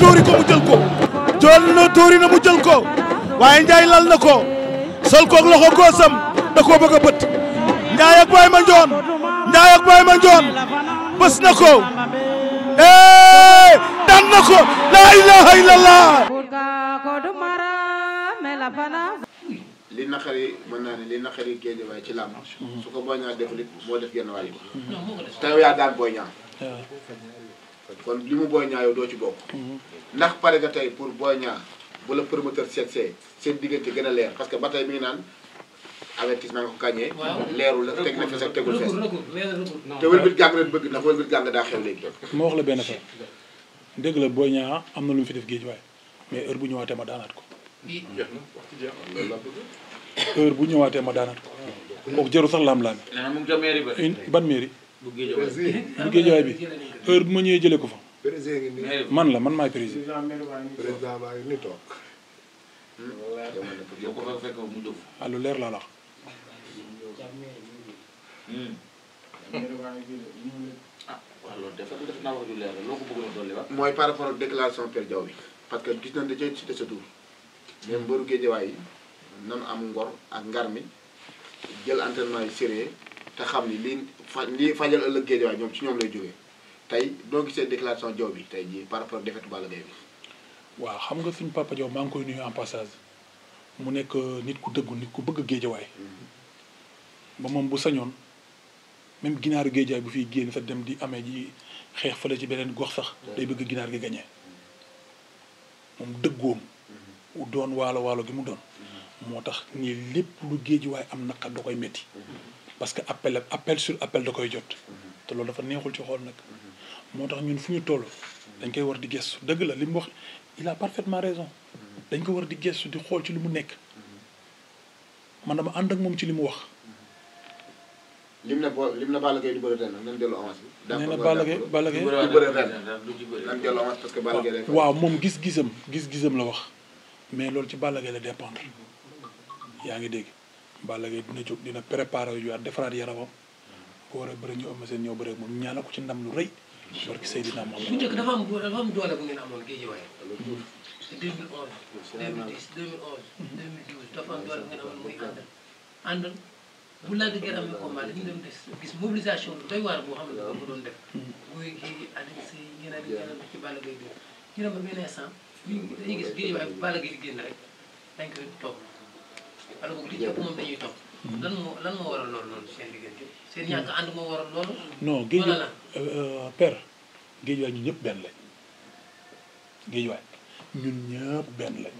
tuuri ko mu jël ko jël na na mu jël ko waaye Ndiaye lal na ko sol koog loxo góosam da koo bëgg bët Ndiaye ak Baye Mandione Ndiaye bës na ko eh daan na ko la ilaha illallah li naqari mën ci làmb su kon li mu Boy Niang yow doo ci bokk. Mm-hmm. ndax pare nga tey pour Boy Niang bu la promoteur seet see seen diggante gën a leer parce que ba tey mi ngi naan avertissement nga ko kañee. leeru la teg na fees ak tegul fees. te wëlbit gàng leen bëgg ndax wëlbit gàng daa xew léegi. ma wax la benn fa dëgg la Boy Niang am na lu mu fi def géej waaye mais heure bu ñëwaatee ma daanaat ko. heure bu ñëwaatee ma daanaat ko. Mm. kooku jarul sax laam-laam. ban mairie. bu géejawaay bi heure bu ma ñëwee jëlee ko fa. man la man maay président. président baa ngi ni toog. Hmm. ah lu leer laa la wax. mooy par rapport ak déclaration Père Diaw bi parce que gis nañ da cee cité sa tur. même mboolu géejawaay yi nan am ngor ak ngar mi jël entraînement yi sérieux te xam ni lii fa lii fajal ëllëg Guédiawaye ñoom ci ñoom lay jógee tey doo gisee déclaration Diaw bi tey jii par rapport ak défaite Balla bi. waaw xam nga suñu papa Diaw maa ngi koy nuyu en mu nekk nit ku dëggu nit ku bëgg Guédiawaye mm-hmm. ba moom bu sañoon même ginaaru Guédiawaye bu fiy génn sax dem di amee ji xeex fële ci beneen gox sax. day bëgg ginaar gi gañee mm-hmm. moom dëggoom mm-hmm. doon waalo waalo gi mu doon moo tax ni lépp lu géej waaye am naqar da koy metti parce que appel appel sur appel da koy jot te lool dafa neexul ci xool nag moo tax ñun fu ñu toll dañ koy war di gestu dëgg la li mu wax il a parfaitement raison dañ ko war di gestu di xool ci li mu nekk man dama ànd ak moom ci li mu wax. lim na boo lim na Balla Gaye du bëre na Balla Gaye Balla Gaye du bëre ren parce que Balla Gaye waaw moom gis-gisam gis-gisam la wax mais loolu ci Balla Gaye la dépendre yaa ngi dégg. Balla Gaye dina jóg dina préparer yu waat defaraat yaramam ko war a bëri ñu am seen ñëw bëri moom ñaanal ko ci ndam lu rëy. barke Seydina Mohamed. bu njëkk dafa am dafa bu ngeen amoon géej waaye. 2011 2010 2011 2012 dafa am doole bu ngeen amoon muy àndal àndal bu laaj gën amee combat dañu doon des génn rek dañ koy toog. wala boog li ci ëpp moom hmm. loolu loolu seen diggante seen hmm. ñàkk moo waral loolu. non géej euh, euh, père géej ñëpp benn lañ géej waay ñun ñëpp benn lañ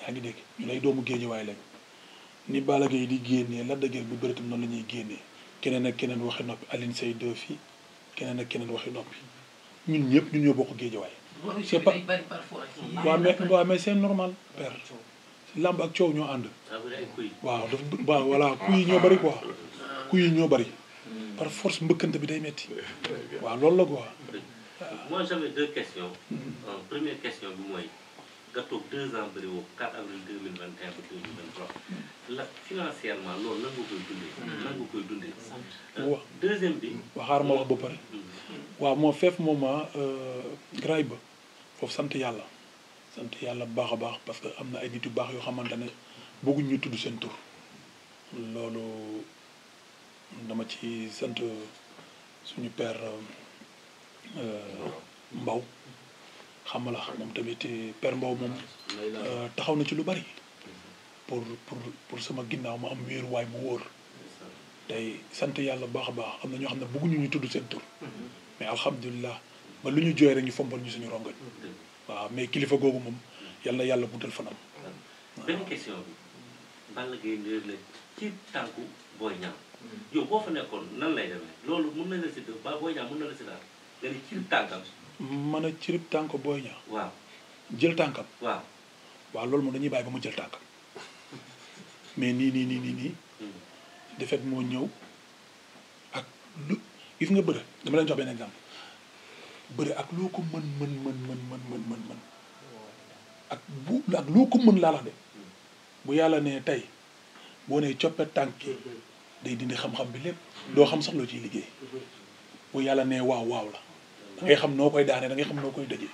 yaa ngi dégg ñu lay doomu géej waay lañ ni Balla yi di génnee Lac de bu bëri tam noonu la ñuy génnee keneen a keneen waxi noppi Alioune Seye deux fii keneen ak keneen waxi noppi ñun ñëpp ñun ñoo bokk géej waay. c'est pas waaw mais waaw mais normal père. làmb ak coow ñoo ànd. Ah, waaw daf waaw voilà kuy yi ñoo bari quoi. kuy yi ñoo bari. Hmm. par force mbëkkante bi day metti waaw loolu la ko moi j'avais deux questions. Hmm. Euh, première question bi mooy nga hmm. euh, bi. waxaar ma wax ba pare. waaw moo feef mooma euh, graay ba foofu sant yàlla. sant yàlla baax a baax parce que am na ay nit yu baax yoo xamante ne bëgguñ ñu tudd seen tur loolu dama ci sant suñu père euh, Mbaw xam la moom tamit père Mbaw moom euh, taxaw na ci lu bari pour pour pour sama ginnaaw ma am wéeruwaay mu wóor tey sant yàlla baax baax am na ñoo xam ne bëgguñu ñu tudd seen tur mm-hmm. mais alhamdulilah ba lu ñu jooy rek ñu fompal ñu suñu rongañ waaw mais kilifa googu moom yal na yàlla guddal fanam. benn question bi. Balla Gaye Ndeye la boo fa nekkoon nan lay demee loolu mën na la si def ba ne cirib tànkam. mën a cirib tànk booy Niang. waaw jël tànkam. waaw loolu moom dañuy bàyyi ba mu jël tànkam mais nii nii nii nii nii. Mm. defet moo ñëw ak lu nga bëre dama leen jox benn exemple. bëri ak loo ko mën mën mën mën mën mën mën mën ak bu ak loo ko mën laalax de bu yàlla ne tey boo nee coppe tànk day dindi xam-xam bi lépp doo xam sax ci ciy liggéey bu yàlla nee waaw waaw la da ngay xam noo koy daanee da ngay xam noo koy dëjee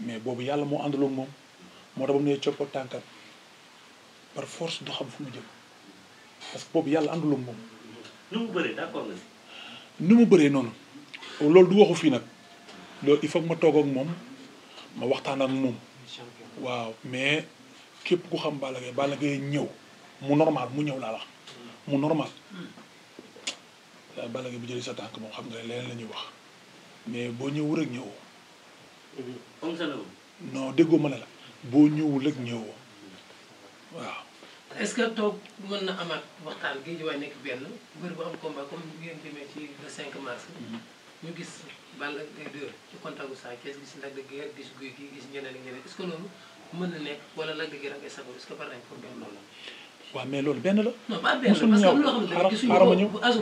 mais boobu yàlla moo àndaloon moom moo tax ba mu nee coppa tànkam par force du xam fu mu jëm parce que boobu yàlla àndaloon moom. nu mu bëree mu bëree noonu. loolu du waxu fii nag loolu il faut ma toog ak moom ma waxtaan ak moom waaw mais képp ku xam Balla Gaye ñëw mu normal mu ñëw laa wax mu normal Balla bu jëlee sa tànk moom xam nga leneen la ñuy wax mais boo ñëwul rek ñëw comme ça la woon. non déggoo ma ne la boo ñëwul rek ñëwoo waaw. waxtaan gi di waay nekk ñu gis Balla Gaye 2 Sa gis Lac de Guiers gis guy gi gis ñeneen ak ñeneen est-ce que loolu na nekk ce que par nañ pour benn loolu waaw benn la. non pas benn parce que am na bu asu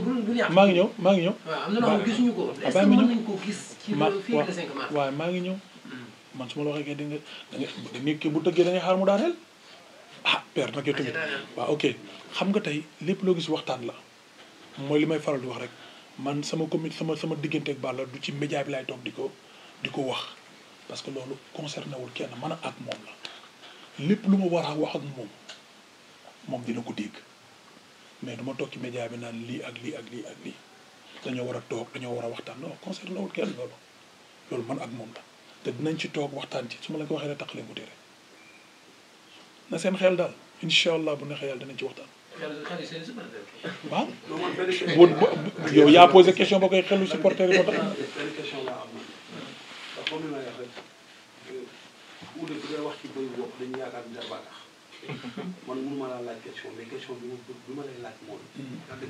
maa ngi ñëw maa ngi ñëw. waaw am na loo xam ne ko. Ah, est maa ngi ñëw. Hmm. man su ma la waxee da bu tëggee da nga xaar mu daaneel ah père nag yow tamit ah, waaw ok xam nga tey lépp loo gis waxtaan la mooy li may faral di wax rek man sama commune sama sama diggante ak Balla du ci média bi laay toog di ko di ko wax parce que loolu concerné wul kenn man ak moom la lépp lu ma war a wax ak moom moom dina ko dégg mais du ma toog ci média bi naan lii ak lii ak ak lii dañoo war a toog dañoo war a waxtaan non concerné wul kenn loolu loolu man ak moom la te dinañ ci toog waxtaan ci su ma la ko waxee rek taxalee mu tere na seen xel daal incha allah bu neexee yàlla dinañ ci waxtaan. waaw bu yow yaa posé question ba koy xelu supporter yi ba tax. Oudé bu dee wax ci bëy wopp dañu yaakaar ne dara man mënu ma laa laaj question mais question bi ma bi ma lay laaj mooy. ndax da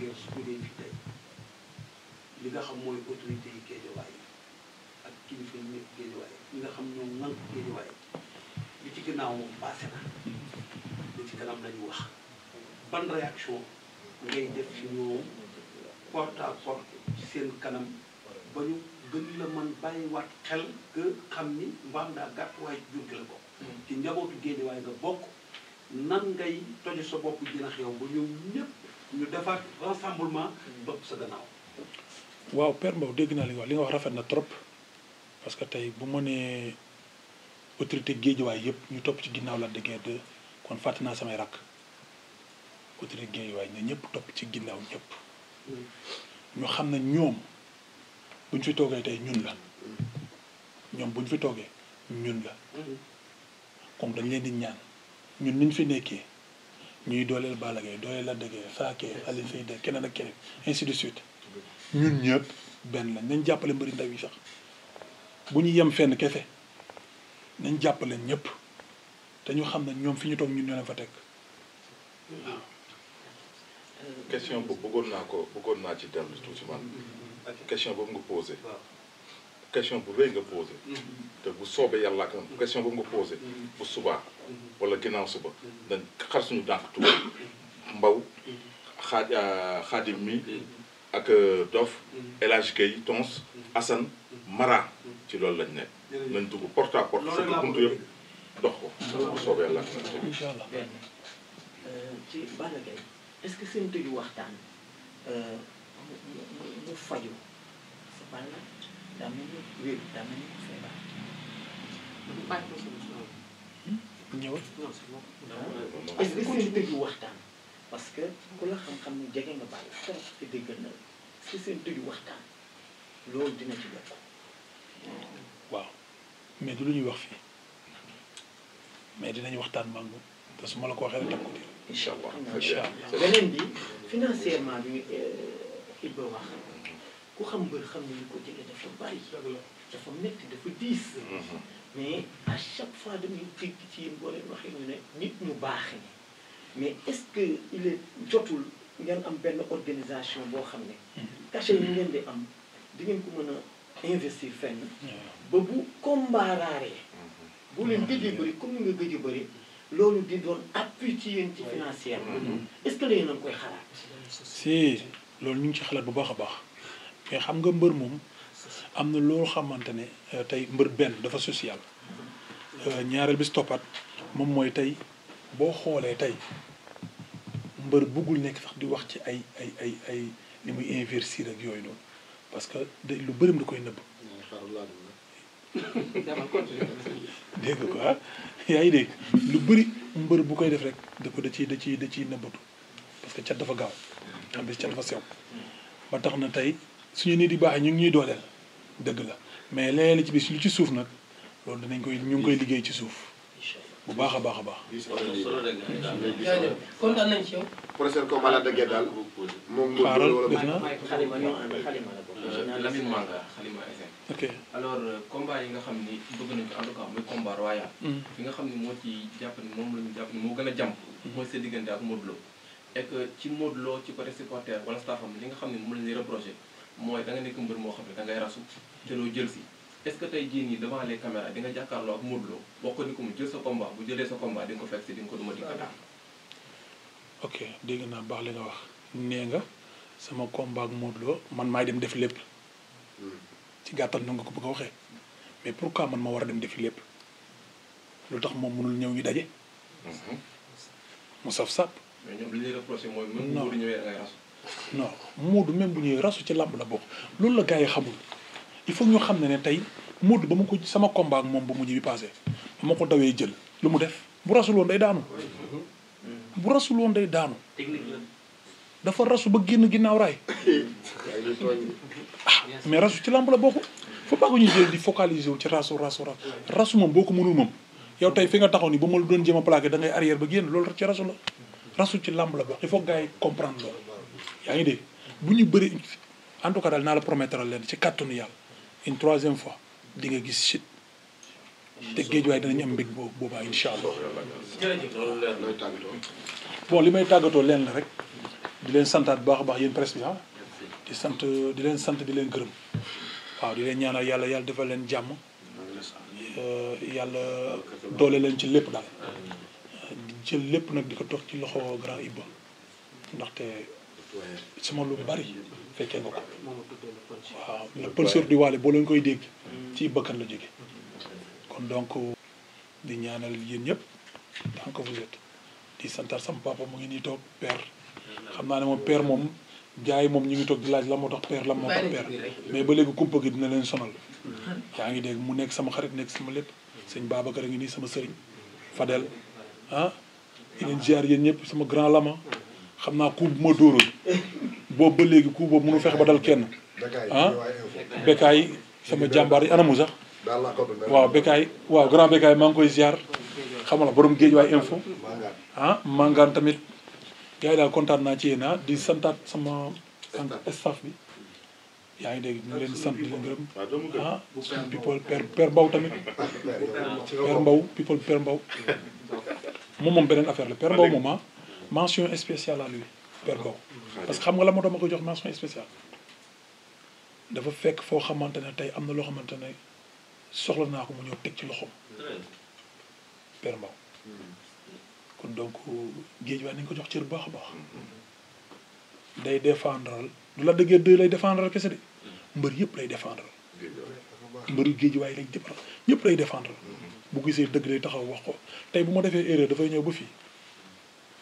li nga xam mooy autorité yi géejawaay ak kilifa yi nekk géejawaay nga xam ñoom nank géejawaay yi li ci ginnaaw moom passé na li ci kanam lañu wax. ban réaction ngay def ci ñoom porte à ci seen kanam ba ñu gën la mën bàyyiwaat xel que xam ni mbaam daa gàtt waaye jur gi la bokk mm. ci njabootu Géejawaay nga bokk nan ngay toje sa bopp jinax yow ba ñoom ñëpp ñu defaat rassemblement bopp sa gannaaw waaw Père dégg naa li nga wax li wax rafet na trop parce que tey bu ma nee autorité Géejawaay yëpp ñu topp ci ginnaaw Lac de kon fàtte naa samay rakk autorité Guédiawaye na ñëpp topp ci ginnaaw ñëpp mm. ñu xam na ñoom buñ fi toogee tey ñun la ñoom buñ fi toogee ñun la mm. comme dañ leen di ñaan ñun niñ fi nekkee ñuy dooleel Balla Gaye dooleel Lac de Guiers Saké Alioune Sèye 2 keneen ak keneen ainsi suite ñun ñëpp benn lañ nañ jàppale mbëri ndaw yi sax bu ñu yem fenn kese nañ jàppale ñëpp te ñu xam ne ñoom fi ñu toog ñun ñoo leen fa teg question boobu bëggoon naa ko bëggoon naa ci dellu tuuti man question boobu nga posé question bu rëy nga posé mhm. te bu soobee yàlla ak bu question boobu nga posé mhm. bu subaa mhm. wala ginnaaw suba dañ xar suñu dànk tuuti mbaw xaaj euh, xaadim mi ak euh, dof El Hadj Gueye tons Assane Mara ci loolu lañ nekk nañ dugg porte à porte sa buntu yëpp dox ko bu soobee yàlla ak euh, ci Balla Gaye est ce que seen tëju waxtaan euh, mu mu faju sa balla hmm? ah, parce que ku la xam-xam ni jege nga bàyyi trop te déggal na la est seen tëju waxtaan loolu dina ci bokk waaw mais du lu ñuy wax fii mais dinañu waxtaan mangu te su ma la ko waxee rek takku incha allah incha allah beneen bi financièrement eh, bi Ibba wax ku xam mbër xam ne ñu ko jege dafa bari dafa métti dafa diis. Mhm. mais à chaque fois dañuy dégg ci yéen boo leen waxee ñu ne nit ñu baax ñi mais est-ce que il jotul ngeen am benn organisation boo xam ne. Mhm. cachet yi ngeen di am di ngeen ko mën a investir fenn. ba bu combat raaree. Mhm. bu leen gëj a bëri comme ni nga gëj a bëri. loolu di doon appui ci mm-hmm. est-ce que léegi nañ loolu ñu ngi ci xalaat bu baax a baax mais xam nga mbër moom am na loo xamante ne euh, tey mbër benn dafa social euh, ñaareel bi si moom mooy tey boo xoolee tey mbër buggul nekk sax di wax ci ay ay ay ay li muy investir ak yooyu noonu parce que lu bërim da koy nëbb dégg ko ah yaa de lu bëri mbër bu koy def rek da ko da ciy da ciy da ciy nëbbatu parce que cat dafa gaaw am bis cat dafa sew ba tax na tey suñu nit di baax ñu ngi ñuy dooleel dëgg la mais léeg-léeg ci bis lu ci suuf nag loolu danañ koy ñu ngi koy liggéey ci suuf bu baax a baax a baax. kontaan nañ ci yow. prochaine combat la dëggee daal moom. xaaral def na xalima Lamine Manga xalima FM. ok alors euh, combat yi nga xam ni bëgg nañ ko en tout cas muy combat royal. Mm. fi nga xam ni moo ci jàpp ni moom la ñu jàpp ni moo gën a jàmp. Mm. mooy sa diggante ak Modou Lo. et que ci Modou Lo ci côté supporter wala staffam li nga xam ni moom la ñuy reproché mooy da nga nekk mbër moo xam ne da ngay rasu te doo jël si. est-ce que tey jii nii devant les caméras di nga jàkkaarloo ak Modou Lo bokk ni ko mu jël sa combat bu jëlee sa combat di ko fekk si di ko duma di ko daal. ok dégg naa baax li nga wax nee nga sama combat ak Modou man maay dem def lépp ci gàttal nu ko bëgg a waxee mais pour pourquoi man ma war a dem def lépp lu tax moom mënul ñëw ñu daje. mu saf sàpp. mais ñoom li ñuy bu ñëwee ngay rasu. non Modou même bu ñëwee rasu ci làmb la bokk loolu la gars yi xamul. il faut ñu xam ne ne tey Modou ba ma ko sama combat moom ba mu mujj bi passé ba ma ko dawee jël lu mu def bu rasul day daanu bu rasul day daanu dafa rasu ba génn ginnaaw raay ah mais rasu ci làmb la bokk fa baago ñu jël wu ci rasu rasu rasu rasu moom boo ko mënul moom fi nga taxaw ni ba ma la a ngay arrière ba génn loolu ci rasu la rasu la bokk il faut yi comprendre loolu yaa ngi dégg bu ñu bëri en tout cas daal naa la leen ci kàttanu yàlla une troisième fois di nga gis chute te géej waaye danañ am mbég boobu boobaa incha allah. bon li may tàggatoo leen la rek di leen santaat baax baax yéen presse bi ah. di sant di leen sant di leen gërëm waaw di leen ñaanal yàlla yàlla defal leen jàmm euh, yàlla doole leen ci lépp daal di jël lépp nag di ko toog ci loxo grand Ibba ndaxte. sama lu bari fekkee nga ko waaw nag pëlsor di waale boo leen koy dégg ci bëkkan la jóge kon donc di ñaanal yéen ñëpp tant que vous êtes di santar sama papa mu ngi nii toog père xam naa ne moom per moom jaay moom ñu ngi toog di laaj la moo tax père la moo tax père mais ba léegi kumpa gi dina leen sonal yaa ngi dégg mu nekk sama xarit nekk sama lépp sëñ Babacar a ngi nii sama sëriñ Fadel ah yeneen ziar yéen ñëpp sama grand lama xam naa coup bu ma dóoroon boobu ba léegi coup boobu mënu fexe ba dal kenn ah Bécaye sama jàmbaar yi anamu sax waaw Bécaye waaw grand Bécaye maa ngi koy ziar xam nga borom géej waay info ah mangaan tamit gars daal kontaan naa ci yéen ah di santaat sama staff bi yaa ngi dégg ñu leen sant di leen gërëm ah tamit père Mbaw moom moom beneen affaire la père Mbaw moom ah mention spéciale à lui Père parce que xam nga la ma doon ko jox mention spéciale dafa fekk foo xamante ne tey am na loo xamante ne soxla naa ko mu ñëw teg ci loxoom Père Mbow hmm. kon donc géej waaye nañu ko jox ci bu baax a baax hmm. day défendral du la dëggee doy lay défendral kese de hmm. mbër yëpp lay défendral mbëru géej waaye lay défendral ñëpp lay défendral bu gisee dëgg lay taxaw wax ko tey bu ma defee erreur dafay ñëw ba fii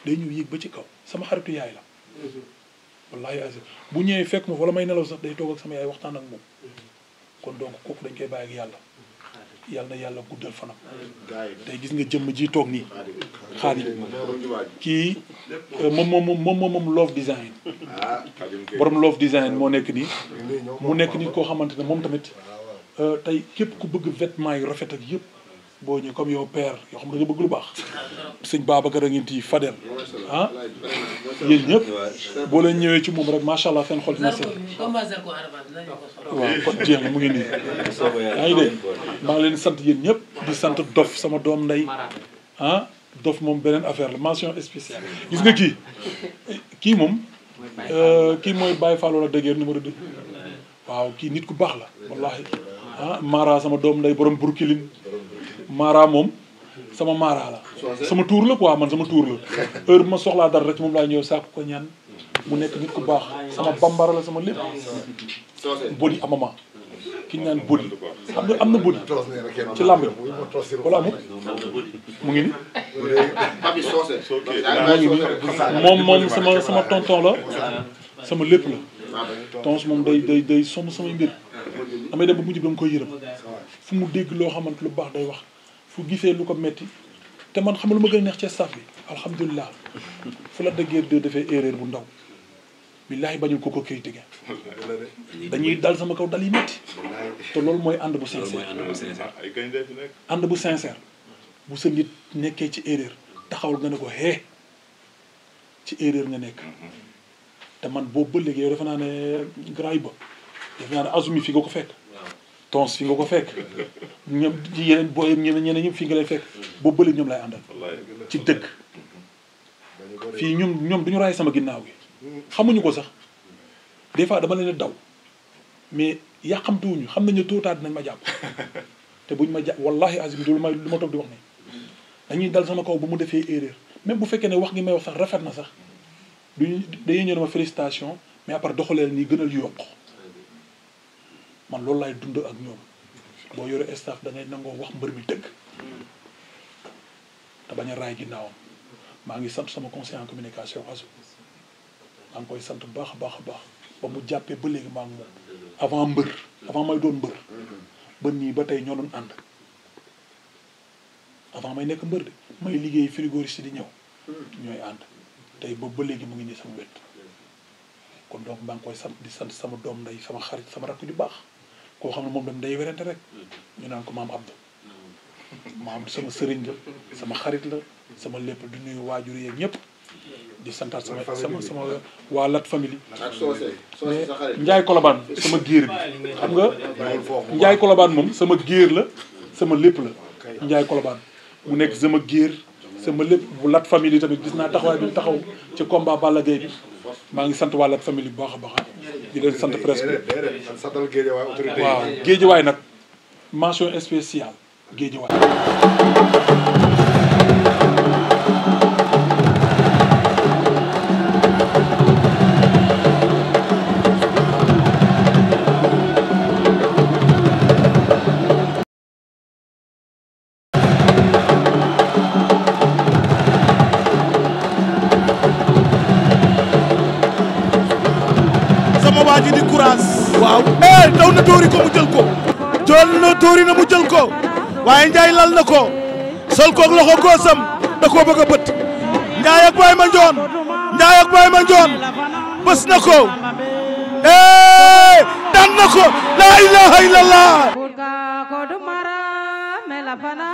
day ñëw yéeg ba ci kaw sama xaritu yaay la mhm. wallahi azim bu ñëwee fekk ma wala may nelaw sax day toog sama yaay waxtaan ak moom mhm. kon donc kooku dañ koy bàyyi ak yàlla yàlla na yàlla guddal fanam tey gis nga jëmm ji toog nii xaadim kii euh, moom moom moom moom love design ah, borom love design moo nekk nii mu nekk nit koo xamante ne moom tamit euh, tey képp ku bëgg vêtement yi rafet ak yëpp boo ñëw comme yow père yoo xam ne da nga bëgg lu baax sëñ Babacar a ngi di Fadel ah yéen ñëpp boo leen ñëwee ci moom rek macha allah seen xol dina seen mu ngi nii yaa ngi maa ngi leen sant yéen ñëpp di sant dof sama doom nday ah dof moom beneen affaire la mention spéciale gis nga kii kii moom euh, kii mooy Baye Fall wala dëggeer numéro 2 waaw kii nit ku baax la wallahi ah Mara sama doom nday borom Burkilin Mara moom sama Mara la. sama tuur la quoi man sama tuur la heure ma soxlaa dara rek moom laa ñëw sàkku ko ñaan mu nekk nit ku baax sama bambara la sama lépp. body amama ki ñu naan body xam nga am na body ci làmb ji wala amul mu ngi ni mu ngi ni moom moom sama sama tonton la sama lépp la tons moom day day day somm samay mbir damay dem ba mujj ba nga koy yërëm fu mu dégg loo xamante lu baax day wax fu gisee lu ko metti te man xamal lu ma gën a neex ci staff bi alxamdulillah fu la dëggee de defee erreur bu ndaw billaahi bañul ko ko critiqué dañuy dal sama kaw dal yi metti te loolu mooy ànd bu sincère ànd bu sincère bu sa nit nekkee ci erreur taxawul nga ne ko hee ci erreur nga nekk mhm. te man boobu ba léegi yow defe naa ne gray ba defe naa ne azumi fi nga ko fekk tons fi nga ko fekk ñoom yeneen booyam ñeneen ñeneen ñëpp fi nga lay fekk boo bële ñoom lay àndal ci dëgg fii ñoom ñoom duñu raay sama ginnaaw gi xamuñu ko sax des fois dama leen daw mais yàqamtuwuñu xam nañu tuutaat dinañ ma jàpp te bu buñ ma jàpp wallahi azim du lu may lu ma toog di wax ne dañuy dal sama kaw bu mu defee erreur même bu fekkee ne wax ngi may wax sax rafet na sax duñu dañuy ñëw ma félicitation mais après doxalee nii gënal yokk man loolu laay dund ak ñoom boo yore staff da nangoo wax mbër mi dëgg te bañ a raay ginnaawam maa ngi sant sama conseil communication asu maa ngi koy sant bu baax a baax a baax ba mu jàppee ba léegi maa avant mbër avant may doon mbër ba nii ba tey ñoo doon ànd avant may nekk mbër de liggéey frigoriste di ñëw ñooy ànd tey boobu ba léegi mu ngi nii sama wet kon donc maa ngi koy sant di sant sama doom nday sama xarit sama rakk ju baax koo xam ne moom dem day werante rek ñu naan ko maam Abdou mm-hmm. maam sama sëriñ la sama xarit la sama lépp du nuyu waajur yeeg ñëpp di santaat sama sama sama waa Lat famille mais Njaay Kolobaan sama géer la sama lépp la Njaay Kolobaan mu nekk sama géer sama lépp bu Lat famille yi tamit gis naa taxawaay bi taxaw ci combat Balla Gaye bi maa ngi sant waa Lat famille bu di leen sant presse bi waaw géejawaay nag mention spéciale géejawaay ko tóori na mu jël ko waaye Ndiaye lal na ko sol koog loxo góosam da koo bëgg a bët Ndiaye ak Baye Mandione Ndiaye ak Baye Mandione bës ko eh daan ko la ilaha illallah